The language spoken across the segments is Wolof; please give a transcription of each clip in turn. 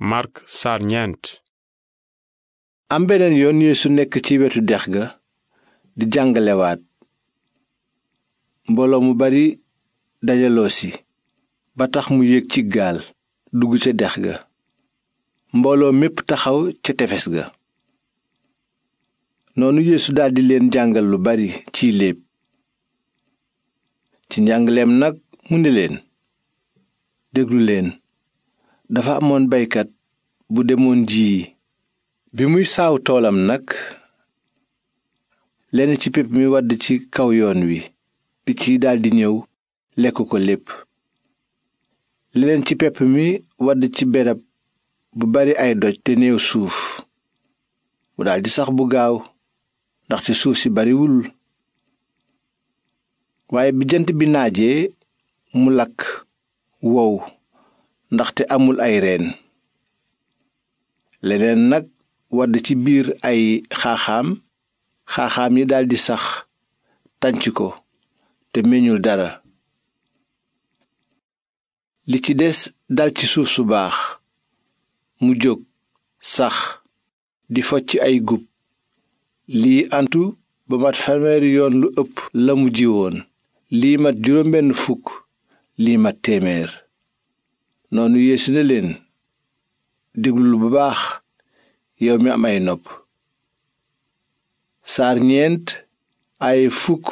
Mark saar ñeent. am beneen yoon Yeesu nekk ci wetu dex ga di jàngalewaat mbooloo mu bari dajaloo si ba tax mu yéeg ci gaal dugg ca dex ga mbooloo mépp taxaw ca tefes ga noonu yéesu daldi leen jàngal lu bari ci léeb ci njàngaleem nag mu ne leen déglu leen dafa amoon baykat bu demoon ji bi muy saaw toolam nag lenn ci pepp mi wadd ci kaw yoon wi picc yi daldi ñëw lekk ko lépp leneen ci pepp mi wadd ci berab bu bari ay doj te néew suuf mu daldi sax bu gaaw ndax ndaxte suuf si bariwul waaye bi jant bi naajee mu lakk wow ndaxte amul ay reen leneen nag wadd ci biir ay xaaxaam xaaxaam yi daldi sax tànc ko te meñul dara li ci des dal ci suuf su baax mu jóg sax di focc ay gub lii antu ba mat fanweeri yoon lu ëpp la mu jiwoon lii mat juróom benn fukk lii mat téeméer noonu yeesu ne leen diglu bu baax yow mi am ay nopp saar ñeent ay fukk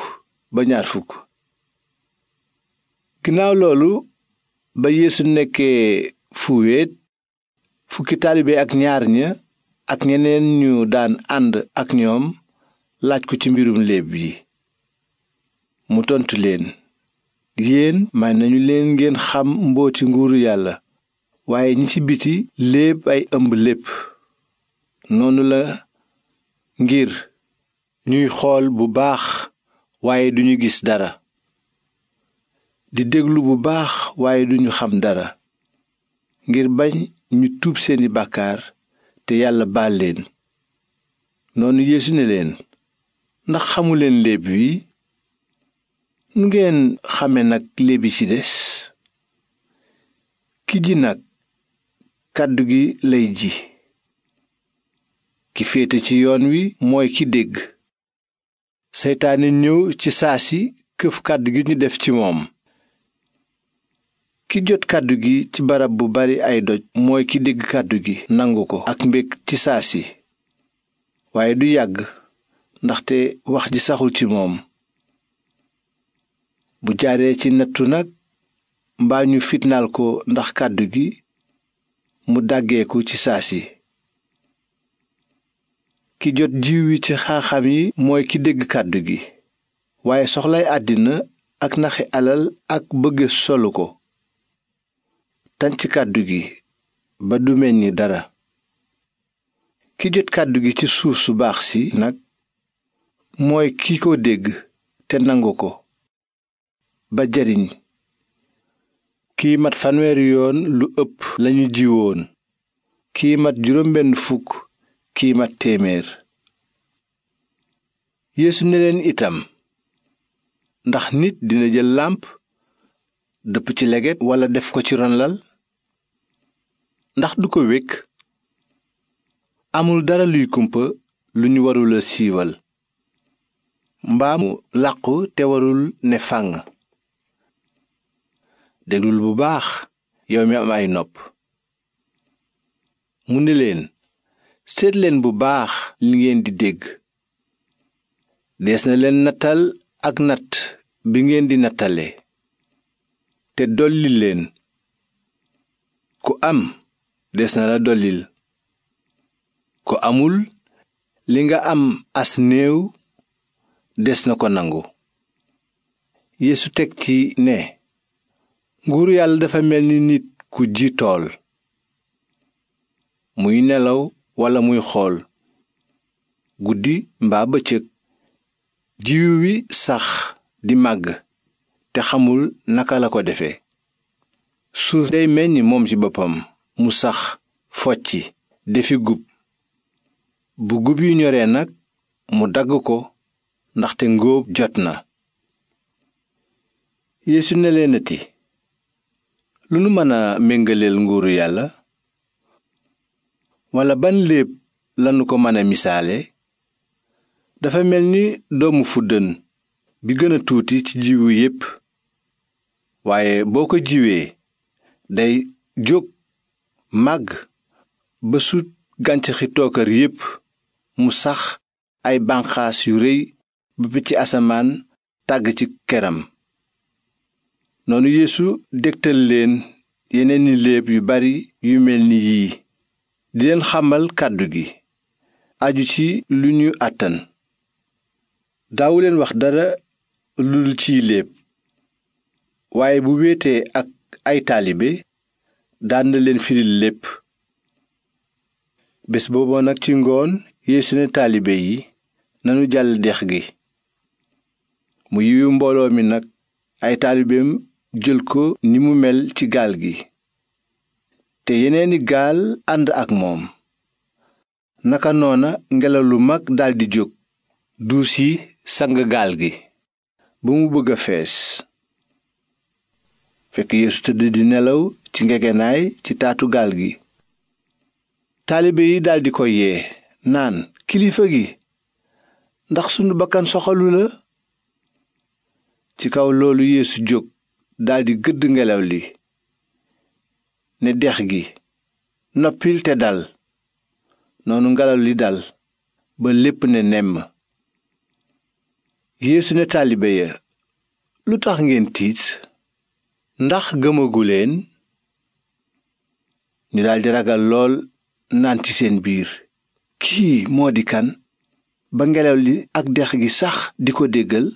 ba ñaar fukk ginnaaw loolu ba yeesu nekkee fu wéet fukki taalibe ak ñaar ña ak ñeneen ñu daan ànd ak ñoom laaj ko ci mbirum léeb yi mu tontu leen yéen may nañu leen ngeen xam mbooti nguur yàlla waaye ñi ci biti léeb ay ëmb lépp noonu la ngir ñuy xool bu baax waaye duñu gis dara di déglu bu baax waaye duñu xam dara ngir bañ ñu tub seeni bàkkaar te yàlla baal leen noonu yeesu ne leen ndax xamuleen léeb wi nu ngeen xame nag lébi ci des ki ji nag kàddu gi lay ji ki féete ci yoon wi mooy ki dégg seytaane ñëw ci saa si këf kàddu gi nu def ci moom ki jot kàddu gi ci barab bu bari ay doj mooy ki dégg kàddu gi nangu ko ak mbég ci saa si waaye du yàgg ndaxte wax ji saxul ci moom bu jaaree ci nattu nag mbaa ñu fitnaal ko ndax kàddu gi mu dàggeeku ci saa si ki jot jiw wi ci xaaxam yi mooy ki dégg kàddu gi waaye soxlay àddina ak naxi alal ak bëgge solu ko tànc kàddu gi ba du mel ni dara ki jot kàddu gi ci suuf su baax si nag mooy ki ko dégg te nangu ko ba jariñ kii fanweeri yoon lu ëpp lañu jiwoon kii mat juróom benn fukk kii itam ndax nit dina jël làmp dëpp ci leget walla def ko ci ron ndax du ko wékk amul dara luy kumpa lu ñu warula siiwal mbaamu mu làqu te warul ne fànn déglul bu baax yow nopp mu ne leen seet bu baax li ngeen di dégg des na leen nattal ak natt bi ngeen di nattale te dolli leen ku am des na la dollil ku amul li nga am as néew des na ko nangu Yeesu teg ci ne nguur yàlla dafa mel ni nit ku ji tool muy nelaw walla muy xool guddi mbaa bëccëg jiwu wi sax di màgg te xamul naka la ko defe suuf day meññ moom ci boppam mu sax focci defi gub bu gub yu ñoree nag mu dagg ko ndaxte ngóob jot na yeesu ne lu nu mën a méngaleel nguuru yàlla walla ban léeb lanu ko mën a misaale dafa mel ni doomu fuddën bi gën a tuuti ci jiwu yépp waaye boo ko jiwee day jóg màgg ba su gàncaxi tookar yépp mu sax ay banqaas yu rëy ba ci asamaan tàgg ci këram noonu yéesu dégtal leen yeneeni léeb yu bari yu mel ni yii di leen xamal kàddu gi aju ci lu ñu àttan daawuleen wax dara lu ciy léeb waaye bu wéetee ak ay taalibe daan na leen firil lépp bés booboo nag ci ngoon yeesu ne taalibe yi nanu jàll dex gi mu yiwu mbooloo mi nag ay taalibeem jël ko ni mu mel ci gaal gi te yeneeni gaal ànd ak moom naka noona ngelaw lu mag daldi jóg duus yi sang gaal gi ba mu bëgg a fees fekk yeesu tëdd di nelaw ci ngegenaay ci taatu gaal gi taalibe yi daldi ko yee naan kilifa gi ndax sunu bakkan soxalu la ci kaw loolu yeesu jóg daldi gëdd ngelaw li ne dex gi noppil te dal noonu ngelaw li dal ba lépp ne nemm yeesu ne taalibe ya lu tax ngeen tiit ndax gëmaguleen ñu daldi ragal lool naan ci seen biir kii moo di kan ba ngelaw li ak dex gi sax di ko déggal